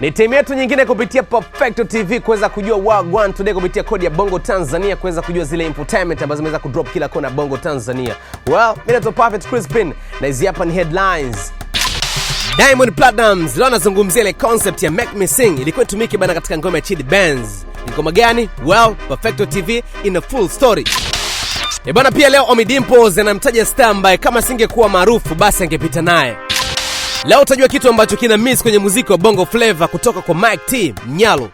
Ni timu yetu nyingine kupitia Perfecto TV kuweza kujua Wag One today kupitia kodi ya Bongo Tanzania kuweza kujua zile infotainment ambazo zimeweza kudrop kila kona Bongo Tanzania. Well, mimi naitwa Perfect Crispin na hizi hapa ni headlines. Diamond Platnumz leo anazungumzia ile concept ya Make Me Sing ilikuwa itumike bana katika ngoma ya Chidi Benz. Ni ngoma gani? Well, Perfecto TV in a full story. Ebana, pia leo Omidimpos anamtaja Standby, kama singekuwa maarufu basi angepita naye. Leo utajua kitu ambacho kina miss kwenye muziki wa Bongo Flava kutoka kwa Mike T Mnyalo.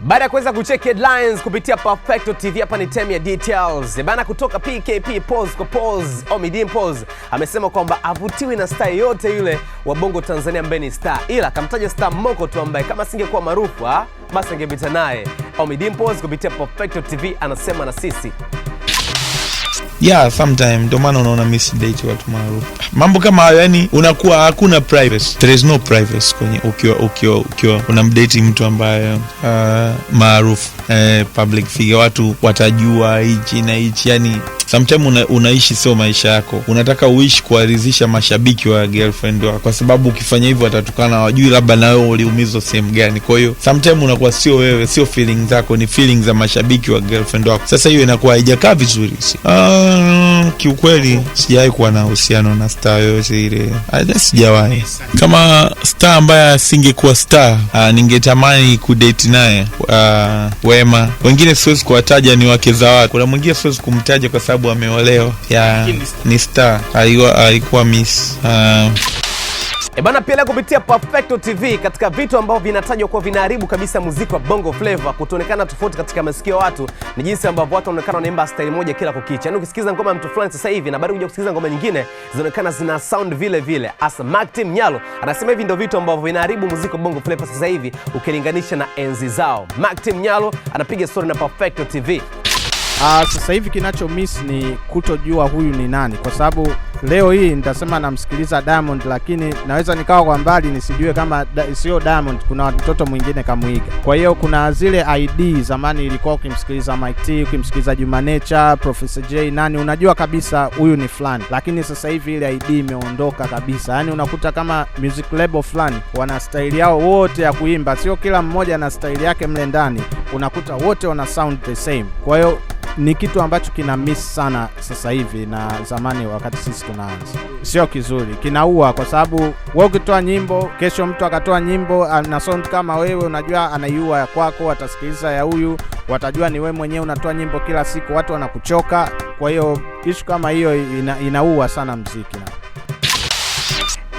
Baada ya kuweza kucheck headlines kupitia Perfecto TV, hapa ni time ya details eh, bana. Kutoka PKP pause kwa pause, Omidim pause amesema kwamba avutiwi na sta yote yule wa Bongo Tanzania ambaye ni star, ila kamtaja star Moko tu ambaye kama asingekuwa maarufu ah, basi angepita naye. Ommy Dimpoz kupitia Perfecto TV anasema na sisi Yeah, sometime ndo maana unaona misdate watu maarufu, mambo kama hayo, yani unakuwa hakuna privacy, there is no privacy kwenye ukiwa ukiwa ukiwa unamdate mtu ambaye uh, maarufu eh, public figure, watu watajua hichi na hichi yani samtime una, unaishi sio maisha yako, unataka uishi kuwaridhisha mashabiki wa girlfriend wako, kwa sababu ukifanya hivyo watatukana, wajui labda na wewe uliumizwa sehemu gani. Kwa hiyo samtime unakuwa sio wewe, sio feeling zako, ni feeling za mashabiki wa girlfriend wako. Sasa hiyo inakuwa haijakaa vizuri. ah, kiukweli sijawahi kuwa na uhusiano na star yoyote ile, hata sijawahi. Kama star ambaye asingekuwa star, ah, ningetamani kudate naye ah, Wema. Wengine siwezi kuwataja ni wakeza wake, kuna mwingine siwezi kumtaja kwa sababu sababu ameolewa ya ni star, alikuwa alikuwa miss uh, um, eh, Ebana pia leo kupitia Perfecto TV katika vitu ambavyo vinatajwa kuwa vinaharibu kabisa muziki wa Bongo Flava kutoonekana tofauti katika masikio ya watu ni jinsi ambavyo watu wanaonekana wanaimba style moja kila kukicha. Yaani ukisikiliza ngoma ya mtu fulani sasa hivi na baada kuja kusikiliza ngoma nyingine zinaonekana zina sound vile vile. Asa Martin Nyalo anasema hivi ndio vitu ambavyo vinaharibu muziki wa Bongo Flava sasa hivi ukilinganisha na enzi zao. Martin Nyalo anapiga story na Perfecto TV. Uh, sasa hivi kinacho miss ni kutojua huyu ni nani, kwa sababu leo hii nitasema namsikiliza Diamond, lakini naweza nikawa kwa mbali nisijue kama da, sio Diamond, kuna mtoto mwingine kamwiga. Kwa hiyo kuna zile ID zamani ilikuwa ukimsikiliza Mike T, ukimsikiliza Juma Nature, Professor J, nani unajua kabisa huyu ni fulani, lakini sasa hivi ile ID imeondoka kabisa. Yani unakuta kama music label fulani wana staili yao wote ya kuimba, sio kila mmoja na staili yake mle ndani, unakuta wote wana sound the same, kwa hiyo ni kitu ambacho kina miss sana sasa hivi na zamani, wakati sisi tunaanza, sio kizuri, kinaua kwa sababu wewe ukitoa nyimbo, kesho mtu akatoa nyimbo na sound kama wewe, unajua anaiua ya kwako, atasikiliza ya huyu, watajua ni wewe mwenyewe unatoa nyimbo kila siku, watu wanakuchoka. Kwa hiyo ishu kama hiyo ina, inaua sana mziki na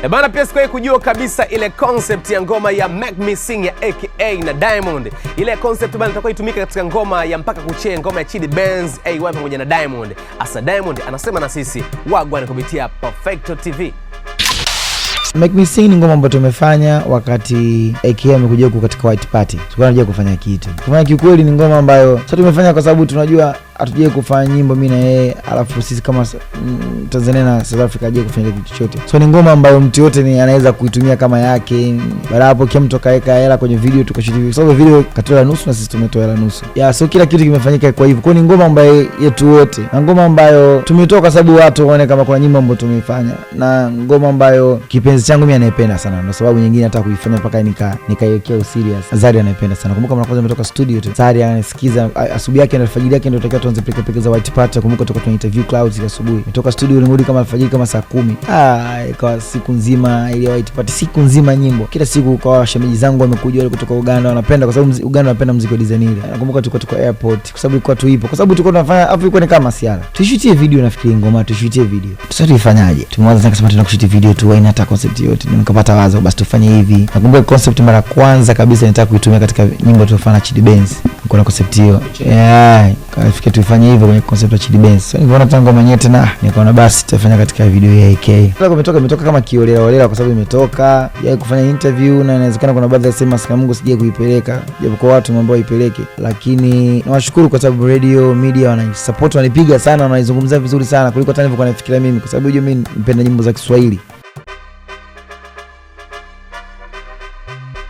ebana pia sikuwahi kujua kabisa ile concept ya ngoma ya Make Me Sing ya AKA na Diamond. Ile concept bana itakuwa itumika katika ngoma ya mpaka kuchee, ngoma ya Chidi Benz AY pamoja na Diamond. Asa Diamond anasema na sisi wagwan kupitia Perfecto TV. Make Me Sing ni ngoma ambayo tumefanya wakati AKA amekuja huku katika white party, tulikuwa tunajua kufanya kitu kufanya, kiukweli ni ngoma ambayo sasa tumefanya kwa sababu tunajua hatujai kufanya nyimbo mi na yeye, alafu sisi kama mm, Tanzania na South Africa hatujai kufanya kitu chochote. So ni ngoma ambayo mtu yote ni anaweza kuitumia kama yake. Baada hapo kila mtu akaweka hela kwenye video tukashuti, kwa sababu video katoa nusu na sisi tumetoa hela nusu ya yeah, so kila kitu kimefanyika. Kwa hivyo kwa ni ngoma ambayo yetu wote na ngoma ambayo tumetoa kwa sababu watu waone kama kuna nyimbo ambayo tumeifanya na ngoma ambayo kipenzi changu mimi anaipenda sana, ndio sababu nyingine hata kuifanya mpaka nika nikaiwekea userious. Zari anaipenda sana, kumbuka mara kwanza umetoka studio tu, Zari anasikiza asubuhi yake na alfajiri yake ndio tokea tuanze pika pika za white pata. Kumbuka tulikuwa tuna interview Clouds ya asubuhi, nitoka studio nirudi kama alfajiri kama saa kumi. Ah, ikawa siku nzima ile white pata, siku nzima nyimbo kila siku, kwa shemeji zangu wamekuja wale kutoka Uganda, wanapenda kwa sababu Uganda wanapenda muziki wa design ile. Ah, Nakumbuka tulikuwa tuko airport, kwa sababu ilikuwa tuipo, kwa sababu tulikuwa tunafanya afu ilikuwa ni kama siara, tushutie video, nafikiri ngoma tushutie video. Sasa tuifanyaje? Tumewaza sana kusema kushuti video tu, haina hata concept yote. Nikapata wazo basi tufanye hivi. Nakumbuka concept mara kwanza kabisa nitaka kuitumia katika nyimbo tuliyofanya na Chidi Benz kuna concept hiyo yeah, kafikia tuifanye hivyo kwenye concept ya Chidi Benz. So niliona tangu mwenyewe tena nikaona basi tutafanya katika video ya AK. Sasa kumetoka imetoka kama kiolela olela kwa sababu imetoka ya kufanya interview na inawezekana kuna baadhi ya sema sika Mungu sije kuipeleka. Japo kwa watu ambao ipeleke, lakini nawashukuru kwa sababu radio media wana support, wanipiga sana, wanaizungumzia vizuri sana kuliko hata nilivyokuwa nafikiria mimi, kwa sababu hiyo mimi mpenda nyimbo za Kiswahili.